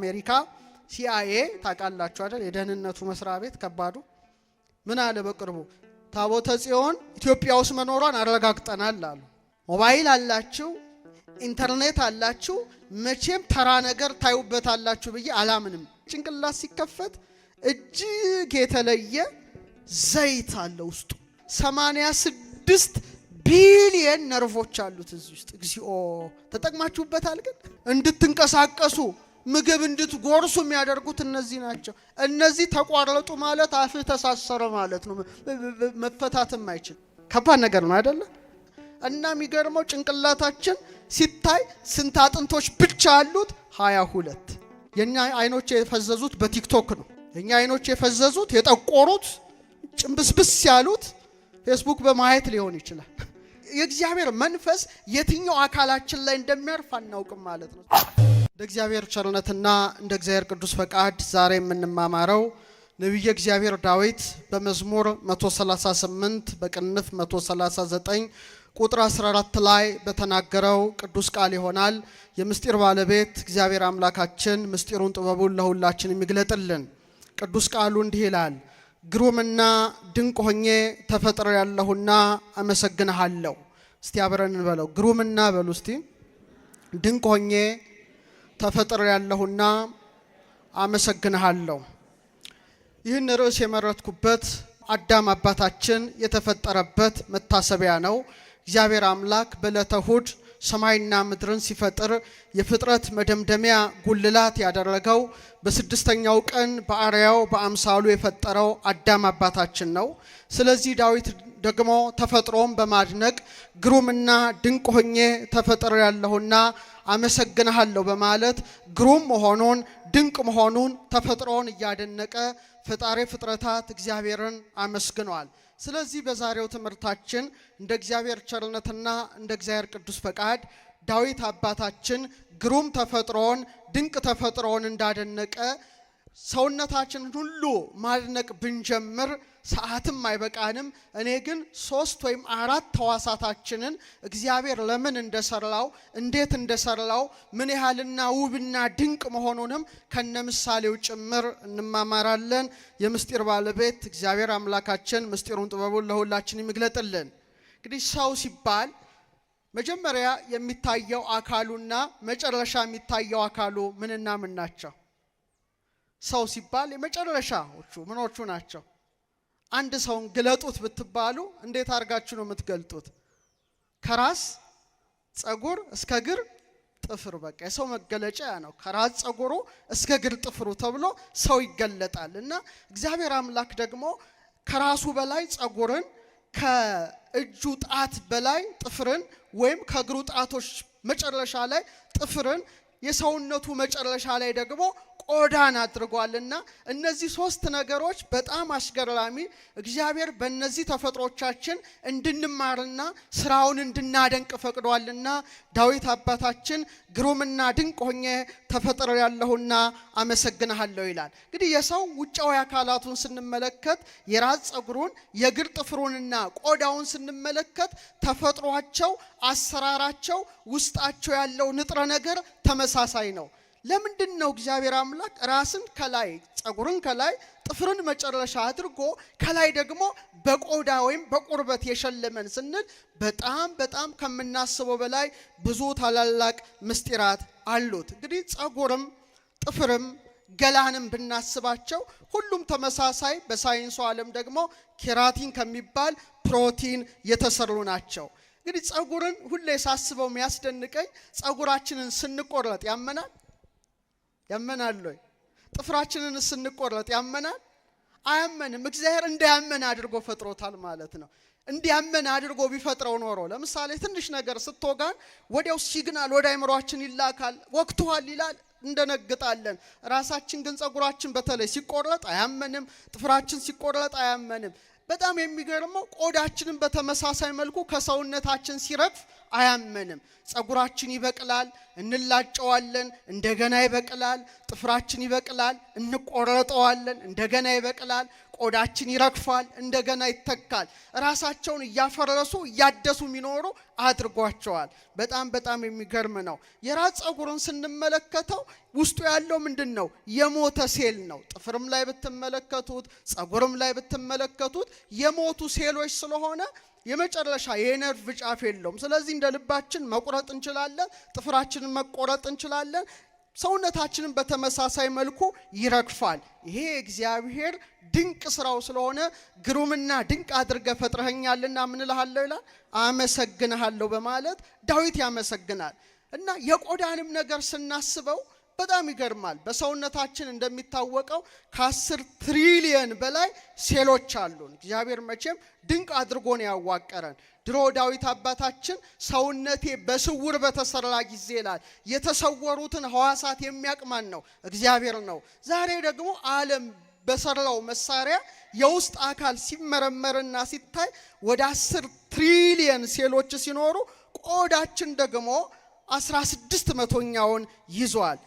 አሜሪካ ሲአይኤ ታውቃላችሁ አይደል? የደህንነቱ መስሪያ ቤት ከባዱ ምን አለ በቅርቡ ታቦተ ጽዮን ኢትዮጵያ ውስጥ መኖሯን አረጋግጠናል አሉ። ሞባይል አላችሁ፣ ኢንተርኔት አላችሁ፣ መቼም ተራ ነገር ታዩበታላችሁ ብዬ አላምንም። ጭንቅላት ሲከፈት እጅግ የተለየ ዘይት አለ ውስጡ። 86 ቢሊየን ነርቮች አሉት እዚህ ውስጥ። እግዚኦ ተጠቅማችሁበታል። ግን እንድትንቀሳቀሱ ምግብ እንድትጎርሱ የሚያደርጉት እነዚህ ናቸው። እነዚህ ተቋረጡ ማለት አፍህ ተሳሰረ ማለት ነው። መፈታትም አይችል ከባድ ነገር ነው አይደለ? እና የሚገርመው ጭንቅላታችን ሲታይ ስንት አጥንቶች ብቻ አሉት? ሀያ ሁለት የእኛ አይኖች የፈዘዙት በቲክቶክ ነው። የእኛ አይኖች የፈዘዙት የጠቆሩት፣ ጭንብስብስ ያሉት ፌስቡክ በማየት ሊሆን ይችላል። የእግዚአብሔር መንፈስ የትኛው አካላችን ላይ እንደሚያርፍ አናውቅም ማለት ነው። እንደ እግዚአብሔር ቸርነትና እንደ እግዚአብሔር ቅዱስ ፈቃድ ዛሬ የምንማማረው ነቢየ እግዚአብሔር ዳዊት በመዝሙር 138 በቅንፍ 139 ቁጥር 14 ላይ በተናገረው ቅዱስ ቃል ይሆናል። የምስጢር ባለቤት እግዚአብሔር አምላካችን ምስጢሩን ጥበቡን ለሁላችን የሚግለጥልን ቅዱስ ቃሉ እንዲህ ይላል፣ ግሩምና ድንቅ ሆኜ ተፈጥሮ ያለሁና አመሰግንሃለሁ። እስቲ አብረን እንበለው። ግሩምና በሉ እስቲ ድንቅ ሆኜ ተፈጥሮ ያለሁና አመሰግንሃለሁ። ይህን ርዕስ የመረጥኩበት አዳም አባታችን የተፈጠረበት መታሰቢያ ነው። እግዚአብሔር አምላክ በዕለተ እሁድ ሰማይና ምድርን ሲፈጥር የፍጥረት መደምደሚያ ጉልላት ያደረገው በስድስተኛው ቀን በአርያው በአምሳሉ የፈጠረው አዳም አባታችን ነው። ስለዚህ ዳዊት ደግሞ ተፈጥሮም በማድነቅ ግሩምና ድንቅ ሆኜ ተፈጥሮ ያለሁና አመሰግንሃለሁ በማለት ግሩም መሆኑን ድንቅ መሆኑን ተፈጥሮን እያደነቀ ፈጣሪ ፍጥረታት እግዚአብሔርን አመስግኗል። ስለዚህ በዛሬው ትምህርታችን እንደ እግዚአብሔር ቸርነትና እንደ እግዚአብሔር ቅዱስ ፈቃድ ዳዊት አባታችን ግሩም ተፈጥሮን ድንቅ ተፈጥሮን እንዳደነቀ ሰውነታችንን ሁሉ ማድነቅ ብንጀምር ሰዓትም አይበቃንም። እኔ ግን ሶስት ወይም አራት ተዋሳታችንን እግዚአብሔር ለምን እንደሰራው እንዴት እንደሰራው ምን ያህልና ውብና ድንቅ መሆኑንም ከነምሳሌው ጭምር እንማማራለን። የምስጢር ባለቤት እግዚአብሔር አምላካችን ምስጢሩን ጥበቡን ለሁላችን ይግለጥልን። እንግዲህ ሰው ሲባል መጀመሪያ የሚታየው አካሉና መጨረሻ የሚታየው አካሉ ምንና ምን ናቸው? ሰው ሲባል የመጨረሻዎቹ ምኖቹ ናቸው? አንድ ሰውን ግለጡት ብትባሉ እንዴት አድርጋችሁ ነው የምትገልጡት? ከራስ ጸጉር እስከ እግር ጥፍር በቃ የሰው መገለጫ ያ ነው። ከራስ ጸጉሩ እስከ እግር ጥፍሩ ተብሎ ሰው ይገለጣል። እና እግዚአብሔር አምላክ ደግሞ ከራሱ በላይ ጸጉርን፣ ከእጁ ጣት በላይ ጥፍርን ወይም ከእግሩ ጣቶች መጨረሻ ላይ ጥፍርን የሰውነቱ መጨረሻ ላይ ደግሞ ቆዳን አድርጓልና እነዚህ ሶስት ነገሮች በጣም አስገራሚ። እግዚአብሔር በእነዚህ ተፈጥሮቻችን እንድንማርና ስራውን እንድናደንቅ ፈቅዷልና ዳዊት አባታችን ግሩምና ድንቅ ሆኜ ተፈጥሮ ያለሁና አመሰግንሃለሁ ይላል። እንግዲህ የሰው ውጫዊ አካላቱን ስንመለከት የራስ ፀጉሩን፣ የእግር ጥፍሩንና ቆዳውን ስንመለከት ተፈጥሯቸው፣ አሰራራቸው፣ ውስጣቸው ያለው ንጥረ ነገር ተመሳሳይ ነው። ለምንድን ነው እግዚአብሔር አምላክ ራስን ከላይ ጸጉርን ከላይ ጥፍርን መጨረሻ አድርጎ ከላይ ደግሞ በቆዳ ወይም በቁርበት የሸለመን ስንል በጣም በጣም ከምናስበው በላይ ብዙ ታላላቅ ምስጢራት አሉት። እንግዲህ ጸጉርም ጥፍርም ገላንም ብናስባቸው ሁሉም ተመሳሳይ፣ በሳይንሱ ዓለም ደግሞ ኬራቲን ከሚባል ፕሮቲን የተሰሩ ናቸው። እንግዲህ ጸጉርን ሁሌ ሳስበው የሚያስደንቀኝ ጸጉራችንን ስንቆረጥ ያመናል ያመናል ወይ? ጥፍራችንን ስንቆረጥ ያመናል አያመንም። እግዚአብሔር እንዲያመን አድርጎ ፈጥሮታል ማለት ነው። እንዲያመን አድርጎ ቢፈጥረው ኖሮ ለምሳሌ ትንሽ ነገር ስትወጋን ወዲያው ሲግናል ወደ አይምሯችን ይላካል። ወቅቷል ይላል እንደነግጣለን። ራሳችን ግን ጸጉራችን በተለይ ሲቆረጥ አያመንም፣ ጥፍራችን ሲቆረጥ አያመንም። በጣም የሚገርመው ቆዳችንን በተመሳሳይ መልኩ ከሰውነታችን ሲረግፍ አያመንም። ጸጉራችን ይበቅላል፣ እንላጨዋለን፣ እንደገና ይበቅላል። ጥፍራችን ይበቅላል፣ እንቆረጠዋለን፣ እንደገና ይበቅላል። ቆዳችን ይረግፋል፣ እንደገና ይተካል። ራሳቸውን እያፈረሱ እያደሱ የሚኖሩ አድርጓቸዋል። በጣም በጣም የሚገርም ነው። የራስ ፀጉርን ስንመለከተው ውስጡ ያለው ምንድን ነው? የሞተ ሴል ነው። ጥፍርም ላይ ብትመለከቱት፣ ፀጉርም ላይ ብትመለከቱት የሞቱ ሴሎች ስለሆነ የመጨረሻ የነርቭ ጫፍ የለውም። ስለዚህ እንደ ልባችን መቁረጥ እንችላለን፣ ጥፍራችንን መቆረጥ እንችላለን። ሰውነታችንን በተመሳሳይ መልኩ ይረግፋል። ይሄ እግዚአብሔር ድንቅ ስራው ስለሆነ ግሩምና ድንቅ አድርገ ፈጥረኸኛልና ምንልሃለሁ ይላል። አመሰግንሃለሁ በማለት ዳዊት ያመሰግናል እና የቆዳንም ነገር ስናስበው በጣም ይገርማል። በሰውነታችን እንደሚታወቀው ከአስር ትሪሊየን በላይ ሴሎች አሉን። እግዚአብሔር መቼም ድንቅ አድርጎን ያዋቀረን። ድሮ ዳዊት አባታችን ሰውነቴ በስውር በተሰራ ጊዜ ይላል የተሰወሩትን ሕዋሳት የሚያቅማን ነው እግዚአብሔር ነው። ዛሬ ደግሞ ዓለም በሰራው መሳሪያ የውስጥ አካል ሲመረመርና ሲታይ ወደ አስር ትሪሊየን ሴሎች ሲኖሩ ቆዳችን ደግሞ አስራ ስድስት መቶኛውን ይዟል።